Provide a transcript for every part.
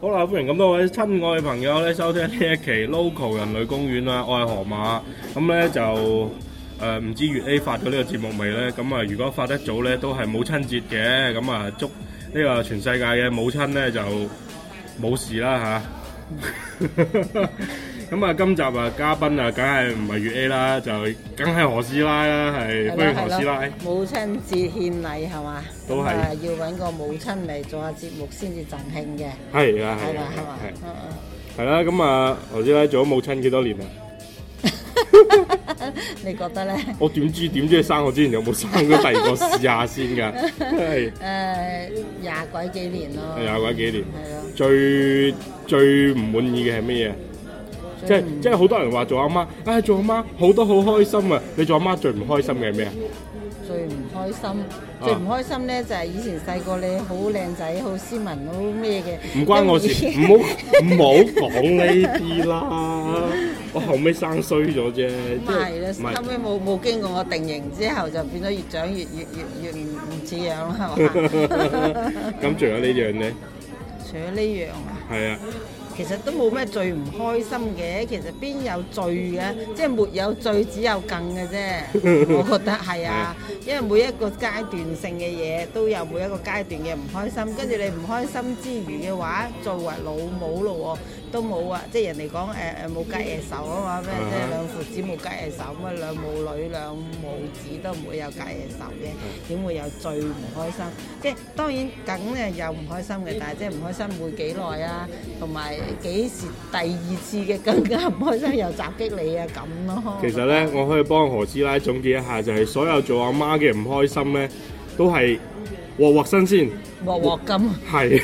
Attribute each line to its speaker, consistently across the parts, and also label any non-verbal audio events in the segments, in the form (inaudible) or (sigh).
Speaker 1: 好啦，Hola, 歡迎咁多位親愛嘅朋友咧，收聽呢一期 Local 人類公園啦，愛河馬。咁咧就誒，唔、呃、知粵 A 發咗呢個節目未咧？咁啊，如果發得早咧，都係母親節嘅。咁啊，祝呢個全世界嘅母親咧就冇事啦吓。啊 (laughs) 咁啊，今集啊，嘉賓啊，梗係唔係粵 A 啦，就梗係何師奶啦，係不如何師奶。
Speaker 2: 母親節獻禮係嘛？都係要搵個母親嚟做下節目先至盡興
Speaker 1: 嘅。係啊係啊係啊係啦！咁啊，何師奶做咗母親幾多年啊？
Speaker 2: 你覺得咧？
Speaker 1: 我點知？點知生我之前有冇生咗第二個？試下先噶。係誒
Speaker 2: 廿鬼幾年咯？廿
Speaker 1: 鬼幾年？係啊。最最唔滿意嘅係乜嘢？即係即係好多人話做阿媽，唉、哎、做阿媽好多好開心啊！你做阿媽最唔開心嘅係咩啊？
Speaker 2: 最唔開心，最唔開心咧就係、是、以前細個你好靚仔，好斯文，好咩嘅。唔關我事，唔好唔
Speaker 1: 好講呢啲啦。 (laughs) 我後尾生衰咗啫。係啦是，就是、後
Speaker 2: 尾冇冇經過我定型之後，就變咗越長越越越越唔似樣。係咁仲有呢樣咧？除咗呢樣啊？係啊。其實都冇咩最唔開心嘅，其實邊有最嘅？即係沒有最，只有更嘅啫。 (laughs) 我覺得係啊，因為每一個階段性嘅嘢都有每一個階段嘅唔開心。跟住你唔開心之餘嘅話，作為老母咯都冇啊！即係人哋講誒誒冇隔夜仇啊嘛，咩即係兩父子冇隔夜仇，咁啊兩母女兩母子都唔會有隔夜仇嘅，點會有最唔開心？即係當然梗係有唔開心嘅，但係即係唔開心會幾耐啊？同埋幾時第二次嘅更加唔開心又襲擊你啊？咁咯。其實
Speaker 1: 咧，我可以幫何師奶總結一下，就係所有做阿媽嘅唔開心咧，都係。鑊鑊新鮮，鑊鑊金係，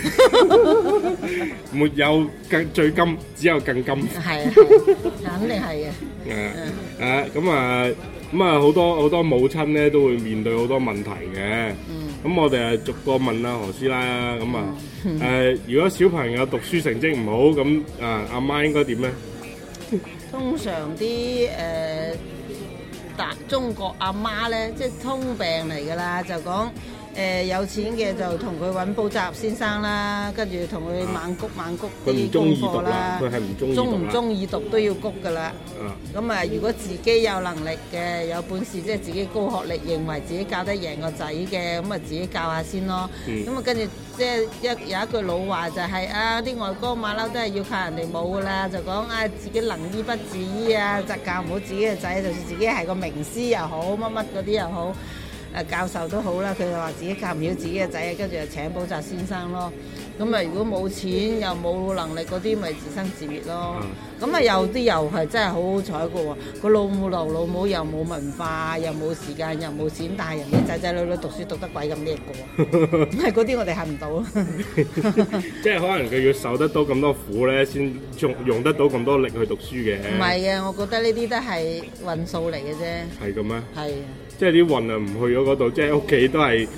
Speaker 1: 沒有更最金，只有更金係
Speaker 2: 啊，肯定係嘅。
Speaker 1: 誒誒，咁啊咁啊，好多好多母親咧都會面對好多問題嘅。咁我哋啊逐個問啦，何師奶啊。咁啊誒，如果小朋友讀書成績唔好，咁啊阿媽應該點咧？
Speaker 2: 通常啲誒大中國阿媽咧，即係通病嚟噶啦，就講。誒、呃、有錢嘅就同佢揾補習先生啦，跟住同佢猛谷猛谷啲功課啦。佢唔係唔中意中唔中意讀都要谷噶啦。咁、嗯、啊，如果自己有能力嘅，有本事即係自己高學歷，認為自己教得贏個仔嘅，咁啊自己教下先咯。咁啊、嗯，跟住即係一有一句老話就係、是、啊，啲外國馬騮都係要靠人哋母噶啦，就講啊自己能醫不自醫啊，就教唔好自己嘅仔，就算自己係個名師又好，乜乜嗰啲又好。誒教授都好啦，佢就話自己教唔曉自己嘅仔，跟住就請補習先生咯。咁啊，如果冇錢又冇能力嗰啲，咪自生自滅咯。咁啊，有啲又係真係好好彩嘅喎。個老母流老母又冇文化，又冇時間，又冇錢，但係人哋仔仔女女讀書讀得鬼咁叻
Speaker 1: 嘅喎。
Speaker 2: 咁係嗰啲我哋恨唔到。 (laughs)
Speaker 1: (laughs) (laughs) 即係可能佢要受得到咁多苦咧，先用用得到咁多力去讀書嘅。唔
Speaker 2: 係嘅，我覺得呢啲都係運數嚟嘅啫。係咁咩？係。
Speaker 1: 即係啲運啊，唔去咗嗰度，即係屋企都係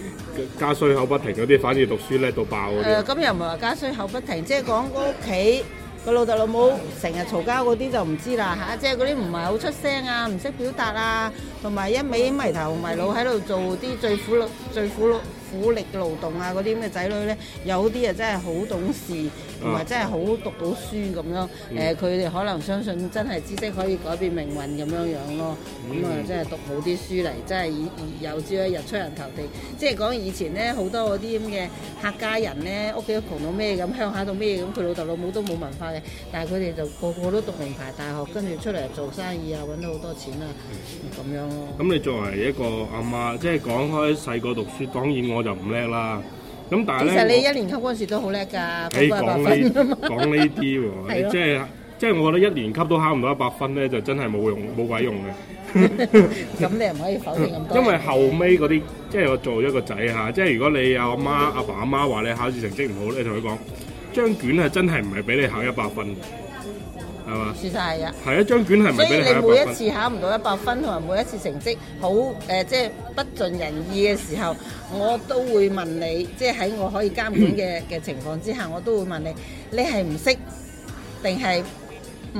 Speaker 1: 家衰口不停嗰啲，反而讀書叻到爆嗰啲。誒、呃，
Speaker 2: 咁又唔係話家衰口不停，即係講屋企個老豆老母成日嘈交嗰啲就唔知啦嚇、啊，即係嗰啲唔係好出聲啊，唔識表達啊，同埋一味迷頭迷腦喺度做啲最苦咯，最苦咯。苦力嘅勞動啊，嗰啲咁嘅仔女咧，有啲啊真係好懂事，同埋真係好讀到書咁樣。誒、呃，佢哋、嗯、可能相信真係知識可以改變命運咁樣樣咯。咁啊、嗯，真係讀好啲書嚟，真係有朝一日出人頭地。即係講以前咧，好多嗰啲咁嘅客家人咧，屋企都窮到咩咁，鄉下到咩咁，佢老豆老母都冇文化嘅，但係佢哋就個個都讀名牌大學，跟住出嚟做生意啊，揾到好多錢啊，
Speaker 1: 咁、嗯、樣咯。咁你作為一個阿媽，媽，即係講開細個讀書，當然我。就唔叻啦，咁但係咧，其實你一年
Speaker 2: 級嗰時都好叻㗎。 (laughs) 你講呢講呢啲
Speaker 1: 喎，即係即係我覺得一年級都考唔到一百分咧，就真係冇用冇鬼用嘅。咁
Speaker 2: 你唔可以否定咁多。因為
Speaker 1: 後尾嗰啲，即係我做一個仔嚇，即係如果你阿媽阿爸阿媽話你考試成績唔好，你同佢講張卷係真係唔係俾你考一百分。事
Speaker 2: 實係啊，係
Speaker 1: 一張卷係。所以你每一次考
Speaker 2: 唔到一百分，同埋每一次成績好誒，即係不盡人意嘅時候，我都會問你，即係喺我可以監管嘅嘅情況之下，我都會問你，你係唔識定係唔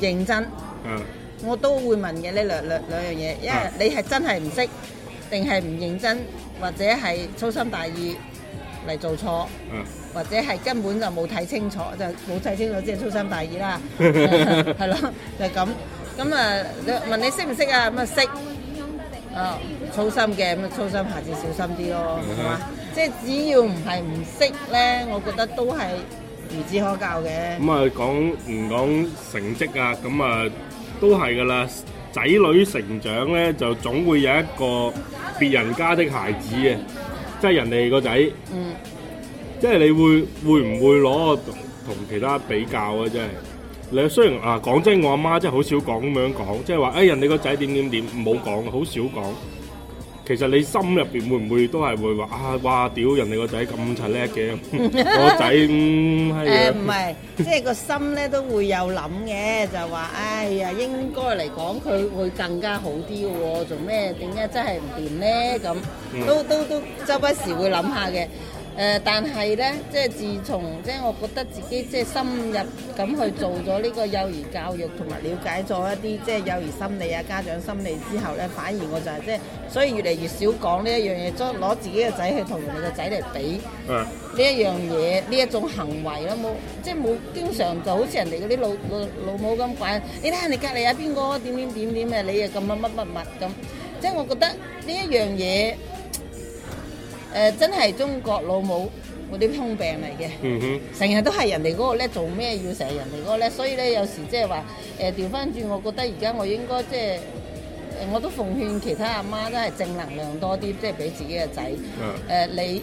Speaker 2: 認真？嗯，我都會問嘅呢兩兩兩樣嘢，因為你係真係唔識定係唔認真，或者係粗心大意。嚟做錯，或者係根本就冇睇清楚，就冇睇清楚，即係粗心大意啦，係咯，就係咁。咁啊，問你識唔識啊？咁啊，識啊，粗心嘅咁啊，粗心孩子小心啲咯，係嘛？即係只要唔係唔識咧，我覺得都係無之可教嘅。咁
Speaker 1: 啊，講唔講成績啊？咁啊，都係噶啦。仔女成長咧，就總會有一個別人家的孩子嘅。人哋個仔，即係你會會唔會攞同其他比較啊？真係，你雖然啊講真，我阿媽真係好少講咁樣講，即係話誒人哋個仔點點點，唔好講，好少講。其實你心入邊會唔會都係會話啊？哇！屌人哋個仔咁柒叻嘅， (laughs) 我仔唔係，即
Speaker 2: 係、就是、個心咧都會有諗嘅，就話哎呀，應該嚟講佢會更加好啲喎，哦，做咩？點解真係唔掂咧？咁都、嗯、都都周不時會諗下嘅。誒、呃，但係咧，即係自從即係、就是、我覺得自己即係、就是、深入咁去做咗呢個幼兒教育，同埋了解咗一啲即係幼兒心理啊、家長心理之後咧，反而我就係即係，所以越嚟越少講呢一樣嘢，攞自己嘅仔去同人哋嘅仔嚟比。嗯，呢一樣嘢，呢一種行為啦，冇即係冇經常就好似人哋嗰啲老老老母咁講，你睇下你隔離有邊個點點點點嘅，你又咁乜乜乜乜咁。即係、就是、我覺得呢一樣嘢。誒、呃、真係中國老母嗰啲通病嚟嘅，
Speaker 3: 成日、嗯、哼都係
Speaker 2: 人哋嗰個咧，做咩要成日人哋嗰個咧？所以咧有時即係話誒調返轉，呃、我覺得而家我應該即、就、係、是呃、我都奉勸其他阿媽，媽都係正能量多啲，即係俾自己嘅仔誒你，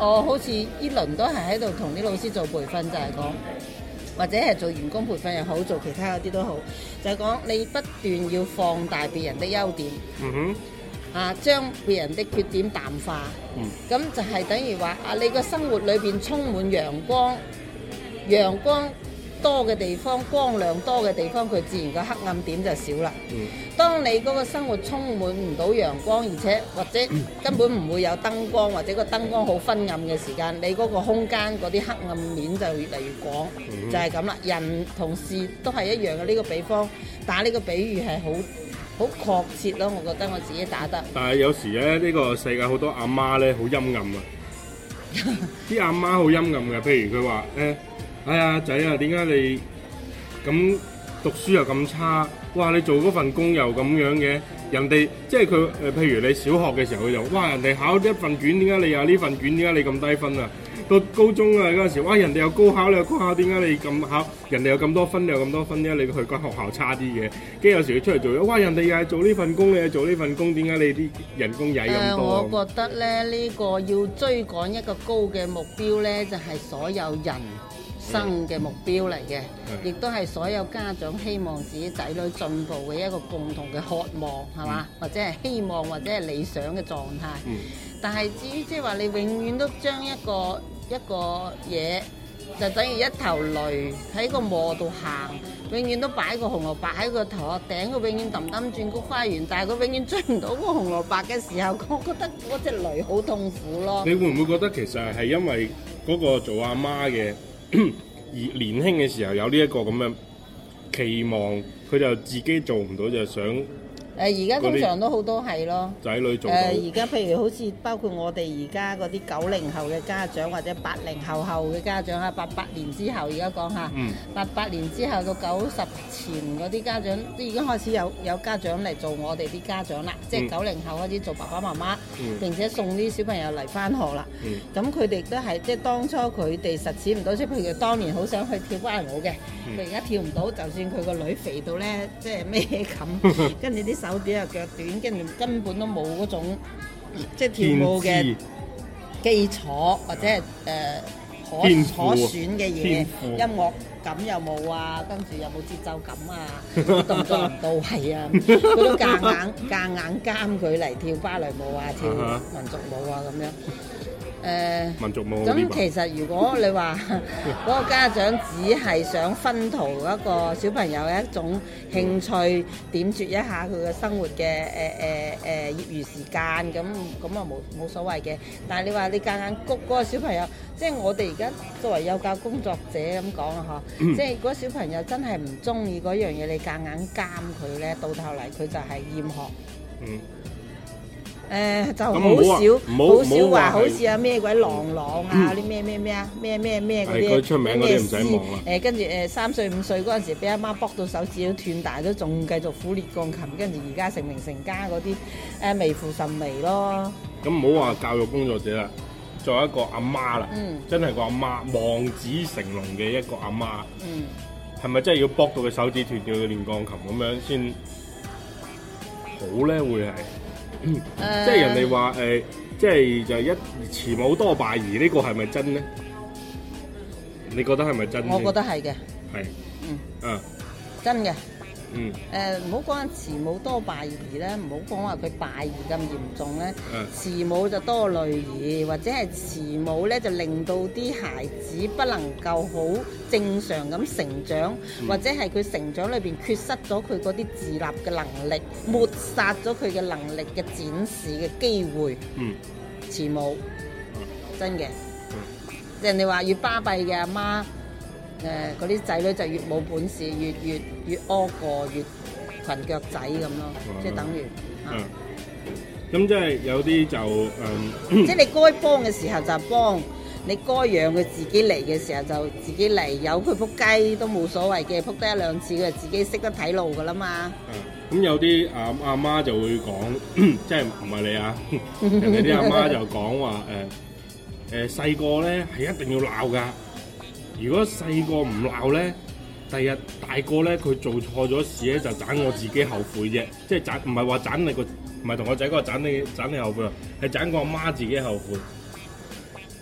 Speaker 2: 我好似依輪都係喺度同啲老師做培訓就，就係講或者係做員工培訓又好，做其他嗰啲都好，就係、是、講你不斷要放大別人的優點。嗯哼啊，將別人的缺點淡化，咁、嗯、就係等於話啊，你個生活裏邊充滿陽光，陽光多嘅地方，光亮多嘅地方，佢自然個黑暗點就少啦。嗯、當你嗰個生活充滿唔到陽光，而且或者根本唔會有燈光，或者個燈光好昏暗嘅時間，你嗰個空間嗰啲黑暗面就越嚟越廣，嗯、就係咁啦。人同事都係一樣嘅呢、呢個比方，打呢個比喻係好。好確切咯，我覺得我自己打得。
Speaker 1: 但係有時咧，呢、呢個世界好多阿媽咧，好陰暗啊！啲阿 (laughs) 媽好陰暗嘅，譬如佢話咧：哎呀仔啊，點解你咁讀書又咁差？哇！你做嗰份工又咁樣嘅，人哋即係佢誒，譬如你小學嘅時候，佢就哇，人哋考一份卷，點解你呀呢、啊、份卷？點解你咁低分啊？到高中啊嗰陣時，哇！人哋有高考，你有高考，點解你咁考？人哋有咁多分，你有咁多分？點解你去個學校差啲嘅？跟住有時佢出嚟做嘢，哇！人哋又係做呢份工，你又做呢份工，點解你啲人工矮咁多？誒、呃，我覺
Speaker 2: 得咧，呢、這個要追趕一個高嘅目標咧，就係、是、所有人生嘅目標嚟嘅，亦、嗯嗯、都係所有家長希望自己仔女進步嘅一個共同嘅渴望，係嘛、嗯？或者係希望，或者係理想嘅狀態。嗯、但係至於即係話你永遠都將一個一個嘢就等於一頭驢喺個磨度行，永遠都擺個紅蘿蔔喺個頭殼頂，佢永遠氹氹轉個花園，但係佢永遠追唔到個紅蘿蔔嘅時候，我覺得嗰隻驢好痛苦咯。你會唔
Speaker 1: 會覺得其實係因為嗰個做阿媽嘅，而年輕嘅時候有呢一個咁嘅期望，佢就自己做唔到就係想。
Speaker 2: 誒而家通常都好多係咯，
Speaker 1: 仔女做。誒而
Speaker 2: 家譬如好似包括我哋而家嗰啲九零後嘅家長或者八零後後嘅家長啊，八八年之後而家講下，八八年之後到九十前嗰啲家長都已經開始有有家長嚟做我哋啲家長啦，即係九零後開始做爸爸媽媽，並且送啲小朋友嚟翻學啦。咁佢哋都係即係當初佢哋實踐唔到，即係譬如當年好想去跳芭蕾舞嘅，佢而家跳唔到，就算佢個女肥到咧，即係咩咁，跟住啲細。手短啊，腳短，跟住根本都冇嗰種即係跳舞嘅基礎，或者係誒、呃、可父可選嘅嘢，父音樂感又冇啊，跟住又冇節奏感啊，動作唔到位啊，都夾硬夾硬監佢嚟跳芭蕾舞啊，跳民族舞啊咁樣。誒，民族咁其實如果你話嗰個家長只係想熏陶一個小朋友嘅一種興趣，點綴一下佢嘅生活嘅誒誒誒業餘時間，咁咁啊冇冇所謂嘅。但係你話你夾硬谷嗰個小朋友，即係我哋而家作為幼教工作者咁講啊呵，即係如果小朋友真係唔中意嗰樣嘢，你夾硬監佢咧，到頭嚟佢就係厭學。嗯。誒、呃、就好少，好少話好似啊咩鬼郎朗啊啲咩咩咩啊咩咩咩啲，佢出名嗰啲唔使望啦。誒跟住誒三歲五歲嗰陣時，俾阿媽卜到手指都斷大都仲繼續苦練鋼琴，跟住而家成名成家嗰啲誒微乎甚微咯。
Speaker 1: 咁唔好話教育工作者啦，作為一個阿媽啦，嗯，真係個阿媽望子成龍嘅一個阿媽，媽，嗯，係咪真係要卜到佢手指斷掉去練鋼琴咁樣先好咧？會係？嗯、即係人哋話誒，即係就係一，慈母多敗兒，這個，呢個係咪真咧？你覺得係咪真？我覺得係嘅，係是，嗯，嗯，
Speaker 2: 真嘅。嗯，誒、呃，唔好講話慈母多敗兒咧，唔好講話佢敗兒咁嚴重咧。嗯、慈母就多累兒，或者係慈母咧就令到啲孩子不能夠好正常咁成長，嗯、或者係佢成長裏邊缺失咗佢嗰啲自立嘅能力，抹殺咗佢嘅能力嘅展示嘅機會。嗯，慈母，真嘅，嗯，人哋話越巴閉嘅阿媽。誒，嗰啲仔女就越冇本事，越越越屙過越裙腳仔，咁咯，即係等於。嗯。
Speaker 1: 咁即係有啲就誒。
Speaker 2: 即係你該幫嘅時候就幫，你該養佢自己嚟嘅時候就自己嚟，有佢撲街都冇所謂嘅，撲得一兩次佢自己識得睇路㗎喇嘛。嗯。
Speaker 1: 咁有啲阿阿媽就會講，即係唔係你啊？有啲阿媽就講話，誒誒細個咧係一定要鬧㗎。如果細個唔鬧咧，第日大個咧佢做錯咗事咧，就盞我自己後悔啫，即係盞唔係話盞你個，唔係同我仔講盞你盞你後悔，係盞我媽自己後悔。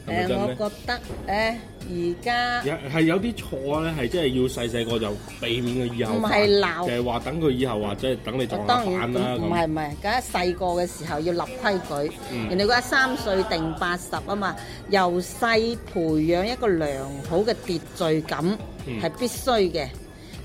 Speaker 1: 誒、哎，我覺
Speaker 2: 得誒，而家
Speaker 1: 係有啲錯咧，係真係要細細個就避免佢以，以後，唔係鬧，就係話等佢以後或者係等你當反啦唔係唔係，梗
Speaker 2: 係細個嘅時候要立規矩，人哋講三歲定八十啊嘛，由細培養一個良好嘅秩序感係、嗯、必須嘅。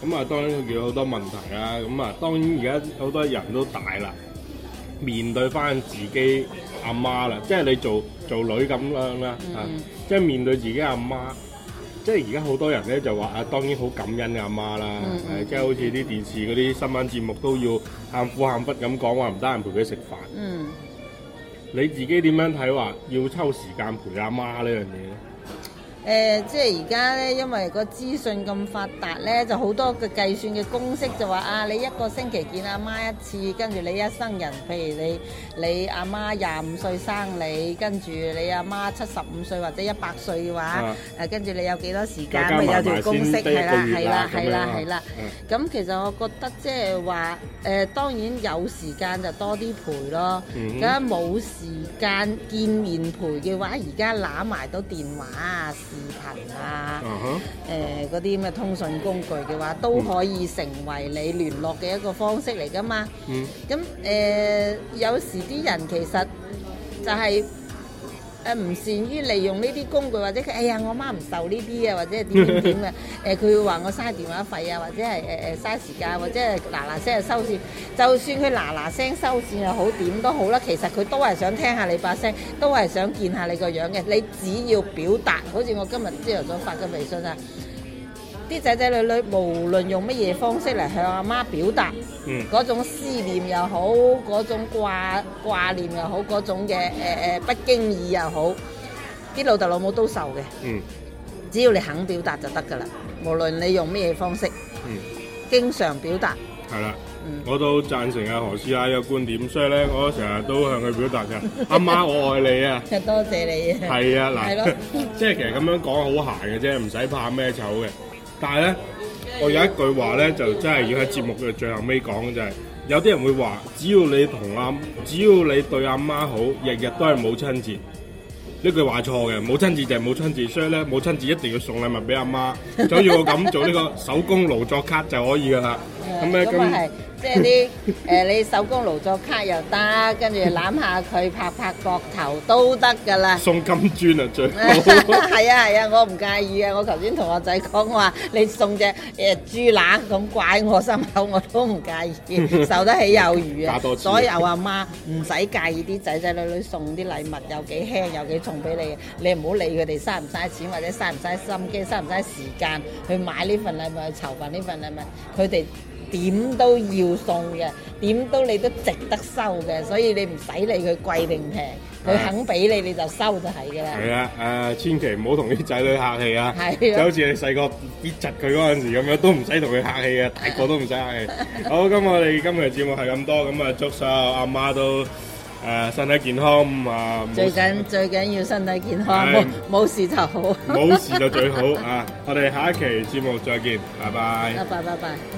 Speaker 1: 咁啊，當然遇到好多問題啦。咁啊，當然而家好多人都大啦，面對翻自己阿媽啦，即係你做做女咁樣啦，啊，即係面對自己阿媽，即係而家好多人咧就話啊，當然好感恩阿媽啦，誒、mm hmm.，即係好似啲電視嗰啲新聞節目都要喊苦喊忽咁講話唔得閒陪佢食飯。嗯、
Speaker 2: mm，hmm.
Speaker 1: 你自己點樣睇話要抽時間陪阿媽呢樣嘢？
Speaker 2: 誒、呃、即係而家咧，因為個資訊咁發達咧，就好多嘅計算嘅公式就話啊，你一個星期見阿媽，媽一次，跟住你一生人，譬如你你阿媽廿五歲生你，跟住你阿媽七十五歲或者一百歲嘅話，誒跟住你有幾多時間？咪有條公式係啦，係啦，係啦，係啦。咁其實我覺得即係話誒，當然有時間就多啲陪咯。咁冇、嗯、哼時間見面陪嘅話，而家攬埋到電話啊！視頻啊，誒嗰啲咁嘅通訊工具嘅話，都可以成為你聯絡嘅一個方式嚟噶嘛。咁誒、Uh-huh. 呃，有時啲人其實就係、是。誒唔善於利用呢啲工具，或者佢，哎呀，我媽唔受呢啲啊，或者點點點啊，誒、 (laughs) 呃，佢會話我嘥電話費啊，或者係誒誒嘥時間，或者係嗱嗱聲收線，就算佢嗱嗱聲收線又好點都好啦，其實佢都係想聽下你把聲，都係想見下你個樣嘅，你只要表達，好似我今日朝頭早發嘅微信啊。啲仔仔女女無論用乜嘢方式嚟向阿媽表達，嗰種思念又好，嗰種掛掛念又好，嗰種嘅誒誒不經意又好，啲老豆老母都受嘅。只要你肯表達就得噶啦，無論你用咩嘢方式，經常表達。
Speaker 1: 係啦，我都贊成阿何師奶嘅觀點，所以咧，我成日都向佢表達嘅。阿媽，我愛你啊！
Speaker 2: 其實多謝你啊。係啊，嗱，即係
Speaker 1: 其實咁樣講好閒嘅啫，唔使怕咩醜嘅。但係咧，我有一句話咧，就真係要喺節目嘅最後尾講嘅，就係有啲人會話，只要你同阿，只要你對阿媽好，日日都係母親節。呢句話錯嘅，母親節就係母親節，所以咧，母親節一定要送禮物俾阿媽，就好似我咁做呢個手工勞作卡就可以噶啦。咁咧咁。
Speaker 2: (laughs) 即係啲誒，你手工勞作卡又得，跟住攬下佢，拍拍膊頭都得噶啦。
Speaker 1: 送金磚啊，
Speaker 2: 最好。係 (laughs) (laughs) 啊係啊，我唔介意啊。我頭先同我仔講，我話你送隻誒豬乸咁怪我心口，我都唔介意，受得起有餘啊。 (laughs) 所有阿媽唔使介意啲仔仔女女送啲禮物有幾輕有幾重俾你，你唔好理佢哋嘥唔嘥錢或者嘥唔嘥心機嘥唔嘥時間去買呢份禮物去籌辦呢份禮物，佢哋，點都要送嘅，點都你都值得收嘅，所以你唔使理佢貴定平，佢肯俾你你就收就係嘅啦。
Speaker 1: 係啊，誒，千祈唔好同啲仔女客氣啊，啊就好似你細個逼窒佢嗰陣時咁樣，都唔使同佢客氣啊，大個都唔使客氣。 (laughs) 好，咁我哋今日嘅節目係咁多，咁啊祝所有阿媽都誒身體健康啊！最緊
Speaker 2: 最緊要身體健康，冇冇、啊、事就好，冇事就最好
Speaker 1: 啊！我哋下一期節目再見，拜拜，拜拜
Speaker 2: 拜。拜拜。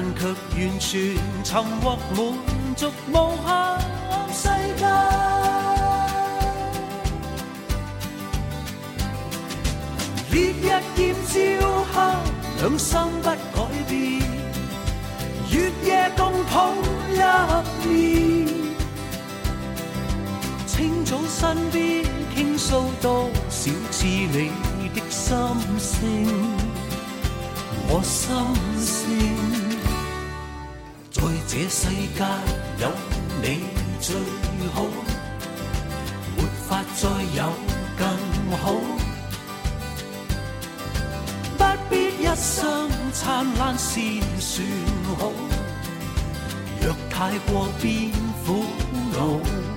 Speaker 3: 但卻完全沉溺滿足無限世界，烈日炎照下，兩心不改變，月夜共抱入眠，清早身邊傾訴多少次你的心聲，我心聲。這世界有你最好，沒法再有更好。不必一生燦爛先算好，若太過悲苦惱。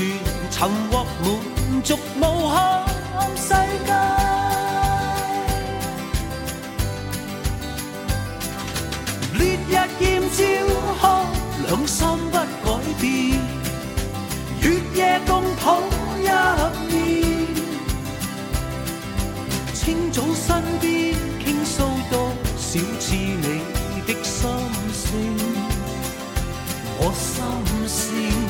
Speaker 3: 全尋獲滿足無憾世界，烈日艷照下，兩心不改變，月夜共抱入眠，清早身邊傾訴多少次你的心聲，我心聲。